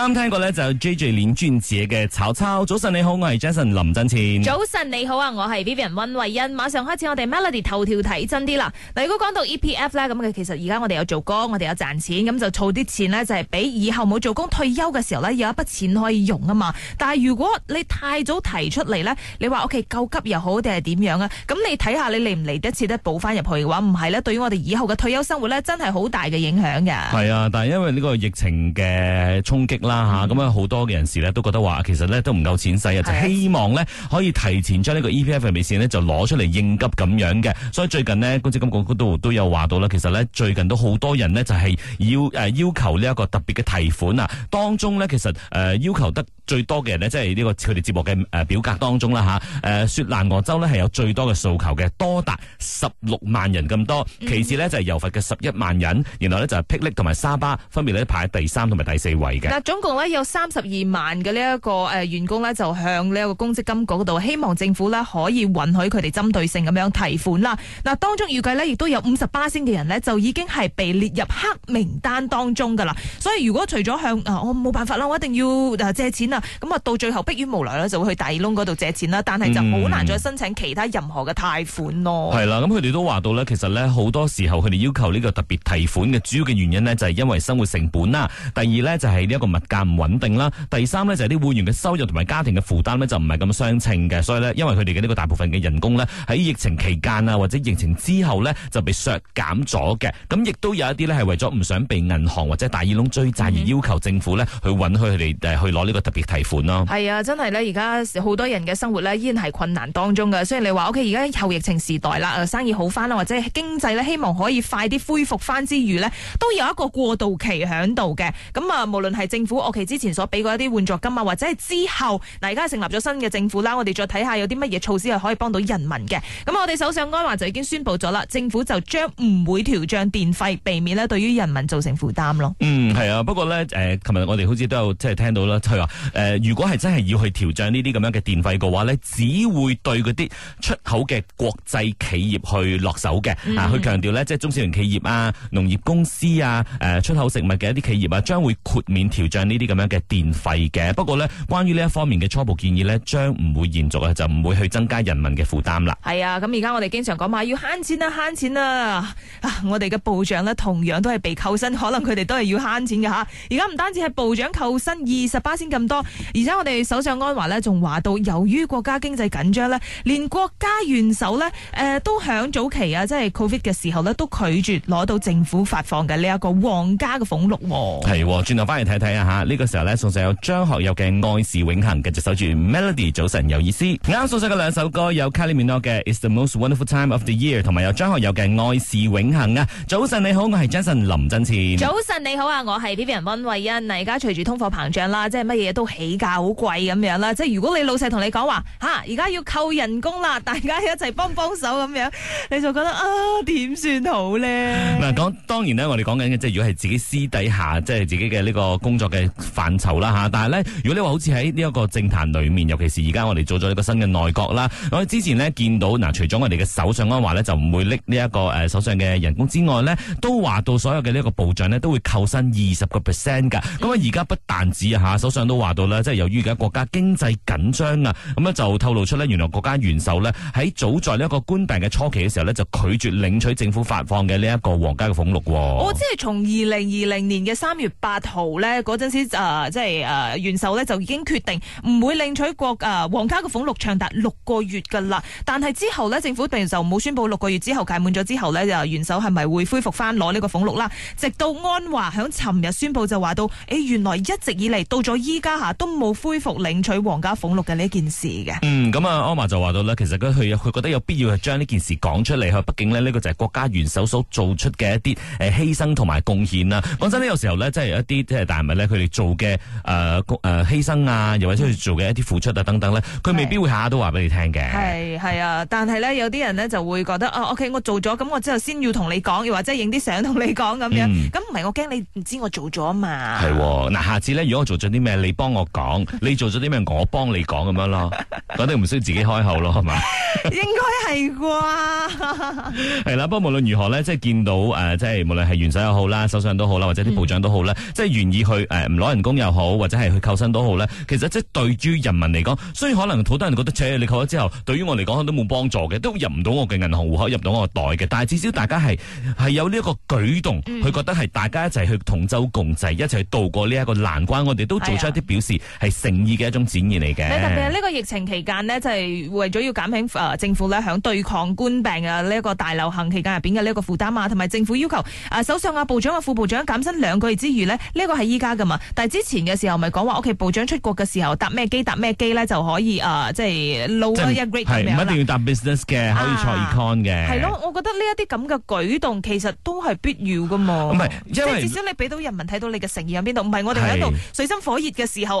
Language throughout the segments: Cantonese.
啱聽過咧就 J.J. 鏈專子嘅炒炒，早晨你好，我係 Jason 林振前。早晨你好啊，我係 Vivian 温慧欣。馬上開始我哋 Melody 頭條睇真啲啦。嗱，如果講到 E.P.F. 咧，咁其實而家我哋有做工，我哋有賺錢，咁就儲啲錢呢，就係、是、俾以後冇做工退休嘅時候呢，有一筆錢可以用啊嘛。但係如果你太早提出嚟呢，你話屋企救急又好，定係點樣啊？咁你睇下你嚟唔嚟得切得補翻入去嘅話，唔係呢對於我哋以後嘅退休生活呢，真係好大嘅影響嘅。係啊，但係因為呢個疫情嘅衝擊啦嚇，咁啊好多嘅人士咧都覺得話，其實咧都唔夠錢使啊，的就希望咧可以提前將呢個 E P F 嘅備線咧就攞出嚟應急咁樣嘅。所以最近呢，公積金局度都，都，都有話到啦，其實咧最近都好多人呢就係要誒、呃、要求呢一個特別嘅提款啊，當中咧其實誒、呃、要求得。最多嘅人呢，即係呢個佢哋接獲嘅誒表格當中啦吓，誒，雪蘭莪州呢，係有最多嘅訴求嘅，多達十六萬人咁多。其次呢，就係柔佛嘅十一萬人，然後呢，就係霹靂同埋沙巴分別咧排第三同埋第四位嘅。嗱、嗯，總共呢，有三十二萬嘅呢一個誒員工呢，就向呢一個公積金局度希望政府呢可以允許佢哋針對性咁樣提款啦。嗱，當中預計呢，亦都有五十八千嘅人呢，就已經係被列入黑名單當中㗎啦。所以如果除咗向啊，我冇辦法啦，我一定要啊借錢啊！咁啊，到最後迫於無奈咧，就會去大耳窿嗰度借錢啦。但係就好難再申請其他任何嘅貸款咯。係啦、嗯，咁佢哋都話到咧，其實咧好多時候，佢哋要求呢個特別提款嘅主要嘅原因呢，就係因為生活成本啦。第二呢，就係呢一個物價唔穩定啦。第三呢，就係啲會員嘅收入同埋家庭嘅負擔呢，就唔係咁相稱嘅。所以呢，因為佢哋嘅呢個大部分嘅人工呢，喺疫情期間啊，或者疫情之後呢，就被削減咗嘅。咁亦都有一啲呢，係為咗唔想被銀行或者大耳窿追債而要求政府呢，去允許佢哋去攞呢個特別提款咯，係啊，真係咧！而家好多人嘅生活咧依然係困難當中㗎。雖然你話屋企而家後疫情時代啦，生意好翻啦，或者係經濟咧，希望可以快啲恢復翻之餘呢，都有一個過渡期喺度嘅。咁啊，無論係政府我哋之前所俾過一啲援助金啊，或者係之後嗱，而家成立咗新嘅政府啦，我哋再睇下有啲乜嘢措施係可以幫到人民嘅。咁我哋首相安華就已經宣佈咗啦，政府就將唔會調漲電費，避免呢對於人民造成負擔咯。嗯，係啊，不過呢，誒、呃，琴日我哋好似都有即係、就是、聽到啦，係話、啊。誒、呃，如果係真係要去調漲呢啲咁樣嘅電費嘅話呢，只會對嗰啲出口嘅國際企業去落手嘅，吓、嗯啊，去強調呢即係中小型企業啊、農業公司啊、誒、呃、出口食物嘅一啲企業啊，將會豁免調漲呢啲咁樣嘅電費嘅。不過呢，關於呢一方面嘅初步建議呢，將唔會延續啊，就唔會去增加人民嘅負擔啦。係啊，咁而家我哋經常講話，要慳錢啦，慳錢啦。啊，啊我哋嘅部長呢，同樣都係被扣薪，可能佢哋都係要慳錢嘅吓。而家唔單止係部長扣薪，二十巴仙咁多。而且我哋首相安華咧，仲話到由於國家經濟緊張咧，連國家元首咧，誒、呃，都響早期啊，即係 Covid 嘅時候咧，都拒絕攞到政府發放嘅呢一個皇家嘅俸祿。係，轉頭翻嚟睇睇啊吓，呢、這個時候咧，送上有張學友嘅《愛是永恒》，嘅續守住 Melody，早晨有意思。啱送上嘅兩首歌有 c a l i m e n o 嘅《It's the Most Wonderful Time of the Year》，同埋有張學友嘅《愛是永恒》啊。早晨你好，我係 Jason 林振前。早晨你好啊，我係 B B 人温慧欣。嗱，而家隨住通貨膨脹啦，即係乜嘢都。起價好貴咁樣啦，即係如果你老細同你講話嚇，啊，而家要扣人工啦，大家一齊幫幫手咁樣，你就覺得啊點算好咧？嗱，講當然咧，我哋講緊嘅即係如果係自己私底下，即係自己嘅呢個工作嘅範疇啦嚇。但係咧，如果你話好似喺呢一個政壇裡面，尤其是而家我哋做咗一個新嘅內閣啦，我哋之前呢見到嗱，除咗我哋嘅首相安華咧就唔會拎呢一個誒首相嘅人工之外咧，都話到所有嘅呢一個部長呢，都會扣薪二十個 percent 㗎。咁啊，而家、嗯、不但止嚇，首相都話。啦，即係由於而家國家經濟緊張啊，咁咧就透露出呢，原來國家元首呢，喺早在呢一個冠病嘅初期嘅時候呢，就拒絕領取政府發放嘅呢一個皇家嘅俸祿喎。哦，即係從二零二零年嘅三月八號呢，嗰陣時啊，即係啊元首呢，就已經決定唔會領取國啊皇家嘅俸祿，長達六個月噶啦。但係之後呢，政府並就冇宣布六個月之後屆滿咗之後呢，就元首係咪會恢復翻攞呢個俸祿啦？直到安華響尋日宣布就話到，誒原來一直以嚟到咗依家都冇恢復領取皇家俸祿嘅呢件事嘅，嗯。嗯、咁、嗯、啊，安瑪就話到咧，其實佢佢覺得有必要係將呢件事講出嚟，畢竟咧呢、呢個就係國家元首所做出嘅一啲誒犧牲同埋貢獻啊。講真呢，有時候咧，即係一啲即係大人咪咧，佢、呃、哋做嘅誒誒犧牲啊，又或者去做嘅一啲付出啊等等咧，佢未必會下下都話俾你聽嘅。係係啊，但係咧有啲人咧就會覺得啊，OK，我做咗咁我之後先要同你講，又或者影啲相同你講咁樣，咁唔係我驚你唔知我做咗啊嘛。係嗱、嗯啊，下次咧如果我做咗啲咩，你幫我。我講，你做咗啲咩？我幫你講咁樣咯，我哋唔需要自己開口咯，係嘛 吧？應該係啩？係啦， 不過無論如何咧，即係見到誒、呃，即係無論係元首又好啦，首相都好啦，或者啲部長都好啦，即係願意去誒，唔攞人工又好，或者係、嗯去，呃、去扣薪都好咧，其實即係對於人民嚟講，雖然可能好多人覺得，誒、呃，你扣咗之後，對於我嚟講都冇幫助嘅，都入唔到我嘅銀行戶口，入唔到我個袋嘅，但係至少大家係係、嗯、有呢一個舉動，佢、嗯、覺得係大家一齊去同舟共濟，一齊度渡過呢一個難關，我哋都做出一啲表示。嗯嗯係誠意嘅一種展現嚟嘅、嗯。特別係呢個疫情期間呢，就係、是、為咗要減輕、呃、政府咧響對抗冠病啊呢一個大流行期間入邊嘅呢個負擔嘛，同埋政府要求誒首相啊部長啊副部長、啊、減薪兩個月之餘呢，呢、這個係依家噶嘛。但係之前嘅時候不是說說，咪講話屋企部長出國嘅時候搭咩機搭咩機咧就可以誒、呃，即係 lower、就是、一 rate 咁樣啦。係唔一定要搭 business 嘅，啊、可以坐 econ 嘅。係咯，我覺得呢一啲咁嘅舉動其實都係必要噶嘛。唔係、啊，是是至少你俾到人民睇到你嘅誠意喺邊度。唔係，我哋喺度水深火熱嘅時候。你又好似大魚大肉啊，又即係一家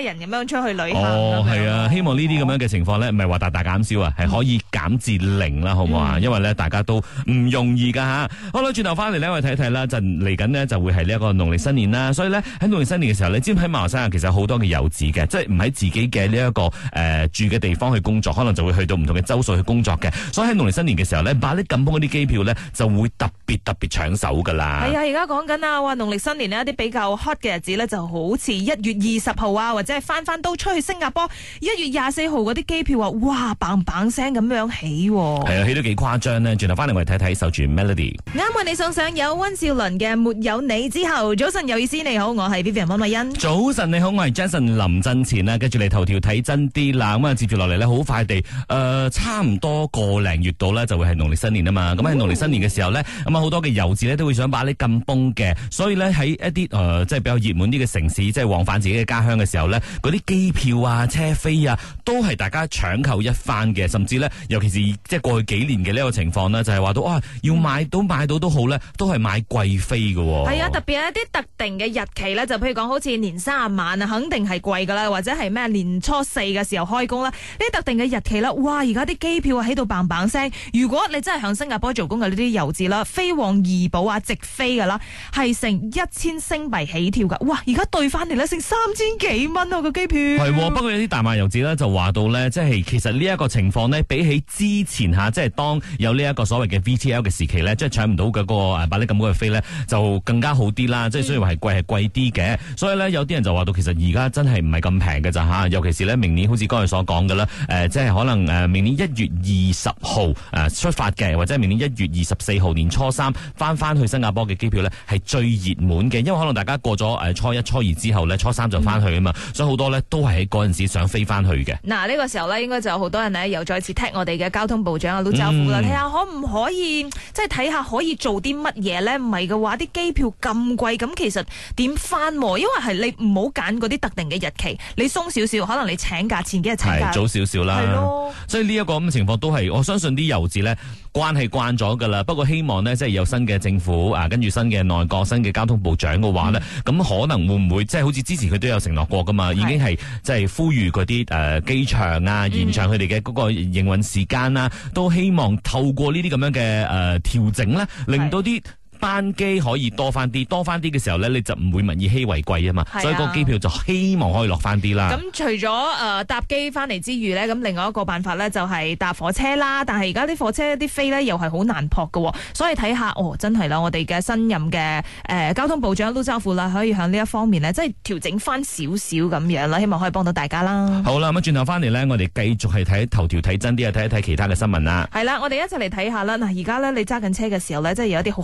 人咁樣出去旅行。哦，係啊，希望呢啲咁樣嘅情況咧，唔係話大大減少啊，係可以減至零啦，好唔好啊？因為咧，大家都唔容易㗎吓。好啦，轉頭返嚟呢，我哋睇睇啦。就嚟緊呢，就會係呢一個農曆新年啦。所以咧，喺農曆新年嘅時候，你知唔知喺馬來西亞其實好多嘅遊子嘅，即係唔喺自己嘅呢一個誒住嘅地方去工作，可能就會去到唔同嘅州屬去工作嘅。所以喺農曆新年嘅時候呢，把啲緊崩嗰啲機票呢，就會特別。特別搶手噶啦，係啊！而家講緊啊，哇農曆新年咧一啲比較 hot 嘅日子咧，就好似一月二十號啊，或者係翻翻都出去新加坡，一月廿四號嗰啲機票啊，哇，bang bang 聲咁樣起，係啊，起得幾誇張咧！轉頭翻嚟我哋睇睇受住 Melody，啱啊！為你送上有溫兆倫嘅《沒有你之後》，早晨有意思你好，我係 Vivian 溫美欣，早晨你好，我係 Jason 林振前啦，跟住嚟頭條睇真啲啦！咁啊，接住落嚟咧，好快地誒，差唔多個零月度咧就會係農曆新年啊嘛！咁喺農曆新年嘅時候咧，咁啊。好多嘅遊子咧都會想把啲咁崩嘅，所以咧喺一啲誒、呃、即係比較熱門啲嘅城市，即係往返自己嘅家鄉嘅時候咧，嗰啲機票啊、車飛啊，都係大家搶購一番嘅，甚至咧，尤其是即係過去幾年嘅呢個情況咧，就係、是、話到啊，要買到買到都好咧，都係買貴飛嘅喎。係啊，特別係一啲特定嘅日期咧，就譬如講好似年卅晚啊，肯定係貴㗎啦，或者係咩年初四嘅時候開工啦，呢啲特定嘅日期啦，哇！而家啲機票喺度棒棒聲，如果你真係喺新加坡做工嘅呢啲遊子啦，往怡寶啊，直飛噶啦，係成一千星幣起跳噶。哇，而家兌翻嚟咧，成三千幾蚊啊個機票。係、哦，不過有啲大馬遊子咧就話到咧，即、就、係、是、其實呢一個情況呢，比起之前吓，即、就、係、是、當有呢一個所謂嘅 VTL 嘅時期咧，即係搶唔到嗰、那個誒百呢咁高嘅飛咧，就更加好啲啦。即係雖然話係貴係貴啲嘅，所以咧有啲人就話到，其實而家真係唔係咁平嘅咋吓。尤其是咧明年，好似剛才所講嘅啦，誒，即係可能誒明年一月二十號誒出發嘅，或者係明年一月二十四號年初。三翻翻去新加坡嘅機票呢，係最熱門嘅，因為可能大家過咗誒初一、初二之後呢，初三就翻去啊嘛，嗯、所以好多呢都係喺嗰陣時想飛翻去嘅。嗱呢個時候呢，啊這個、候應該就有好多人呢，又再次踢我哋嘅交通部長阿陸兆福啦，睇下、嗯、可唔可以即係睇下可以做啲乜嘢呢？唔係嘅話，啲機票咁貴，咁其實點翻？因為係你唔好揀嗰啲特定嘅日期，你鬆少少，可能你請假前幾日請假早少少啦，咯所以呢一個咁嘅情況都係我相信啲遊子呢關係慣咗噶啦，不過希望呢。即係有新嘅政府啊，跟住新嘅內閣、新嘅交通部長嘅話咧，咁、嗯、可能會唔會即係、就是、好似之前佢都有承諾過㗎嘛？是已經係即係呼籲嗰啲誒機場啊，延長佢哋嘅嗰個營運時間啊，嗯、都希望透過呢啲咁樣嘅誒、呃、調整咧，令到啲班機可以多翻啲，多翻啲嘅時候呢，你就唔會物以稀為貴啊嘛，所以個機票就希望可以落翻啲啦。咁除咗誒、呃、搭機翻嚟之餘呢，咁另外一個辦法呢，就係、是、搭火車啦。但係而家啲火車啲飛呢，又係好難撲嘅，所以睇下哦，真係啦，我哋嘅新任嘅誒、呃、交通部長都洲富啦，可以向呢一方面呢，即係調整翻少少咁樣啦，希望可以幫到大家啦。好啦，咁轉頭翻嚟呢，我哋繼續係睇頭條睇真啲啊，睇一睇其他嘅新聞啦。係啦、啊，我哋一齊嚟睇下啦。嗱，而家呢，你揸緊車嘅時候呢，即係有一啲好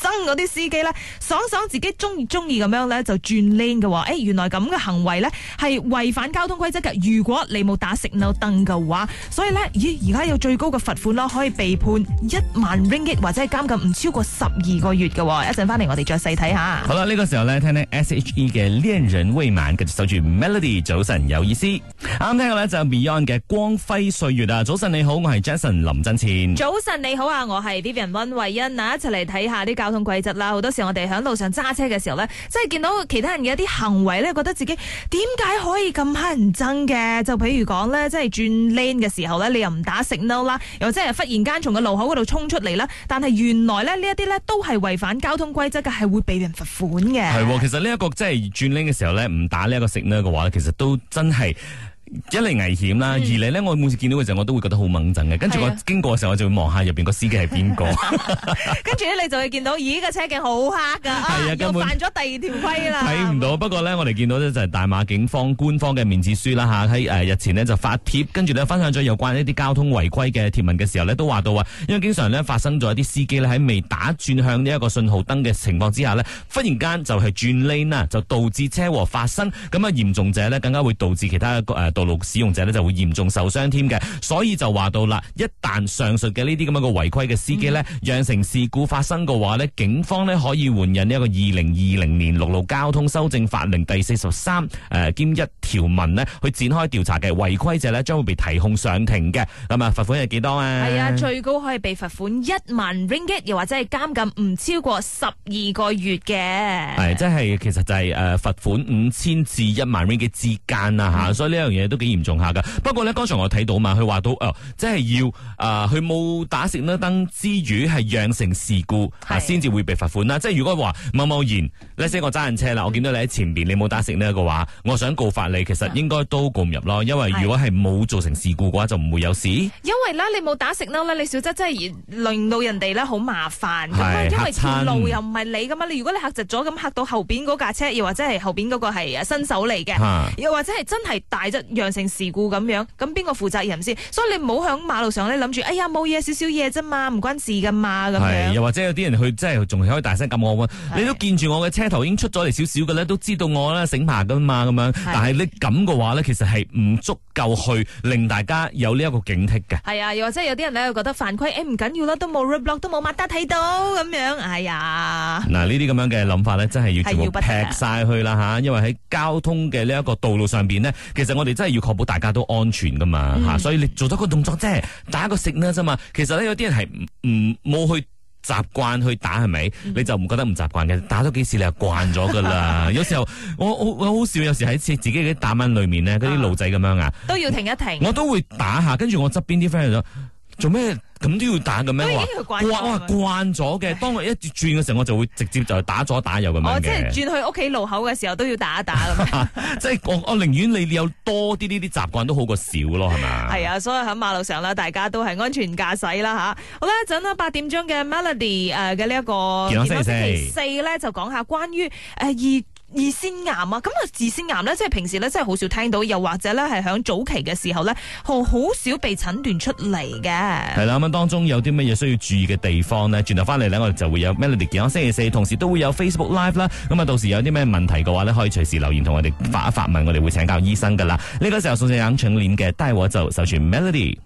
憎嗰啲司機咧，爽爽自己中意中意咁樣咧就轉 lane 嘅，誒、欸，原來咁嘅行為咧係違反交通規則嘅。如果你冇打 signal 燈嘅話，所以咧，咦，而家有最高嘅罰款咯，可以被判一萬 ringgit 或者係監禁唔超過十二個月嘅，哦。一陣翻嚟，我哋再細睇下。好啦，呢、這個時候咧聽聽 S H E 嘅戀人未滿，跟住守住 Melody，早晨有意思。啱聽嘅咧就 Beyond 嘅光輝歲月啊，早晨你好，我係 Jason 林振前。早晨你好啊，我係 Vivian 溫慧欣，嗱，一齊嚟睇下啲教。交通規則啦，好多時我哋喺路上揸車嘅時候咧，即係見到其他人嘅一啲行為咧，覺得自己點解可以咁乞人憎嘅？就譬如講咧，即係轉 lane 嘅時候咧，你又唔打 signal 啦，又或係忽然間從個路口嗰度衝出嚟啦。但係原來咧呢一啲咧都係違反交通規則嘅，係會俾人罰款嘅。係、哦，其實呢、這、一個即係轉 lane 嘅時候咧，唔打呢一個 signal 嘅話，其實都真係。一嚟危險啦，嗯、二嚟呢，我每次見到嘅時候，我都會覺得好猛震嘅。跟住我經過嘅時候，我就會望下入邊個司機係邊個。啊、 跟住咧，你就會見到，咦、這個車鏡好黑噶，又犯咗第二條規啦。睇唔到，嗯、不過呢，我哋見到呢，就係大馬警方官方嘅面子書啦吓，喺日前呢，就發帖，跟住呢，分享咗有關呢啲交通違規嘅貼文嘅時候呢，都話到話，因為經常呢，發生咗一啲司機呢，喺未打轉向呢一個信號燈嘅情況之下呢，忽然間就係轉 lane 啊，就導致車禍發生。咁啊嚴重者呢，更加會導致其他一個誒。呃道路使用者呢，就會嚴重受傷添嘅，所以就話到啦，一旦上述嘅呢啲咁樣嘅違規嘅司機呢，釀成事故發生嘅話呢，警方呢，可以援引呢一個二零二零年陸路交通修正法令第四十三誒兼一條文呢，去展開調查嘅，違規者呢，將會被提控上庭嘅。咁啊，罰款係幾多啊？係啊，最高可以被罰款一萬 ringgit，又或者係監禁唔超過十二個月嘅。係、哎，即係其實就係、是、誒、呃、罰款五千至一萬 ringgit 之間啊吓，嗯、所以呢樣嘢。都幾嚴重下㗎。不過呢，剛才我睇到嘛，佢話到誒、呃，即係要誒，佢、呃、冇打呢燈之餘，係釀成事故先至的會被罰款啦。即係如果話某某然，呢次我揸緊車啦，嗯、我見到你喺前邊，你冇打食呢嘅話，我想告發你，其實應該都告唔入咯，因為如果係冇造成事故嘅話，的就唔會有事。因為啦，你冇打食呢，你小則真係令到人哋呢好麻煩，因為前路又唔係你㗎嘛。你如果你嚇窒咗咁嚇到後邊嗰架車，又或者係後邊嗰個係新手嚟嘅，的又或者係真係大則。釀成事故咁樣，咁邊個負責任先？所以你唔好響馬路上咧諗住，哎呀冇嘢，少少嘢啫嘛，唔關事噶嘛，咁係樣又或者有啲人去即係仲可以大聲咁我是你都見住我嘅車頭已經出咗嚟少少嘅咧，都知道我啦醒下噶嘛，咁樣。是但係你咁嘅話咧，其實係唔足。夠去令大家有呢一個警惕嘅，係啊，又或者有啲人咧，又覺得犯規，誒唔緊要啦，都冇 reblock，都冇乜得睇到咁樣，哎呀！嗱，呢啲咁樣嘅諗法咧，真係要全部劈晒去啦吓，因為喺交通嘅呢一個道路上邊呢，其實我哋真係要確保大家都安全噶嘛吓，嗯、所以你做咗個動作即係打個食啦啫嘛，其實咧有啲人係唔冇去。習慣去打係咪？你就唔覺得唔習慣嘅？打咗幾次你就慣咗噶啦。有時候我我我好少，有時喺自己啲打蚊裏面咧，嗰啲、啊、路仔咁樣啊，都要停一停。我都會打下，跟住我側邊啲 friend 做咩？ 咁都要打㗎咩話，哇，慣咗嘅。當我一轉嘅時候， 我就會直接就打左打右咁 樣，哦、即係轉去屋企路口嘅時候都要打一打咁。 即係我我寧願你有多啲呢啲習慣都好過少咯，係咪？係 啊，所以喺馬路上啦，大家都係安全駕駛啦吓。好啦，一陣啦，八點鐘嘅 Melody 誒、呃、嘅呢一、這個，星期四咧就講下關於誒二。呃胰腺癌啊，咁啊，胰腺癌咧，即係平時咧，真係好少聽到，又或者咧，係響早期嘅時候咧，好好少被診斷出嚟嘅。係啦，咁啊，當中有啲乜嘢需要注意嘅地方咧？轉頭翻嚟咧，我哋就會有 Melody 健康星期四，同時都會有 Facebook Live 啦。咁啊，到時有啲咩問題嘅話咧，可以隨時留言同我哋發一發問，我哋會請教醫生噶啦。呢、這個時候送上眼唇鏈嘅，但係我就守住 Melody。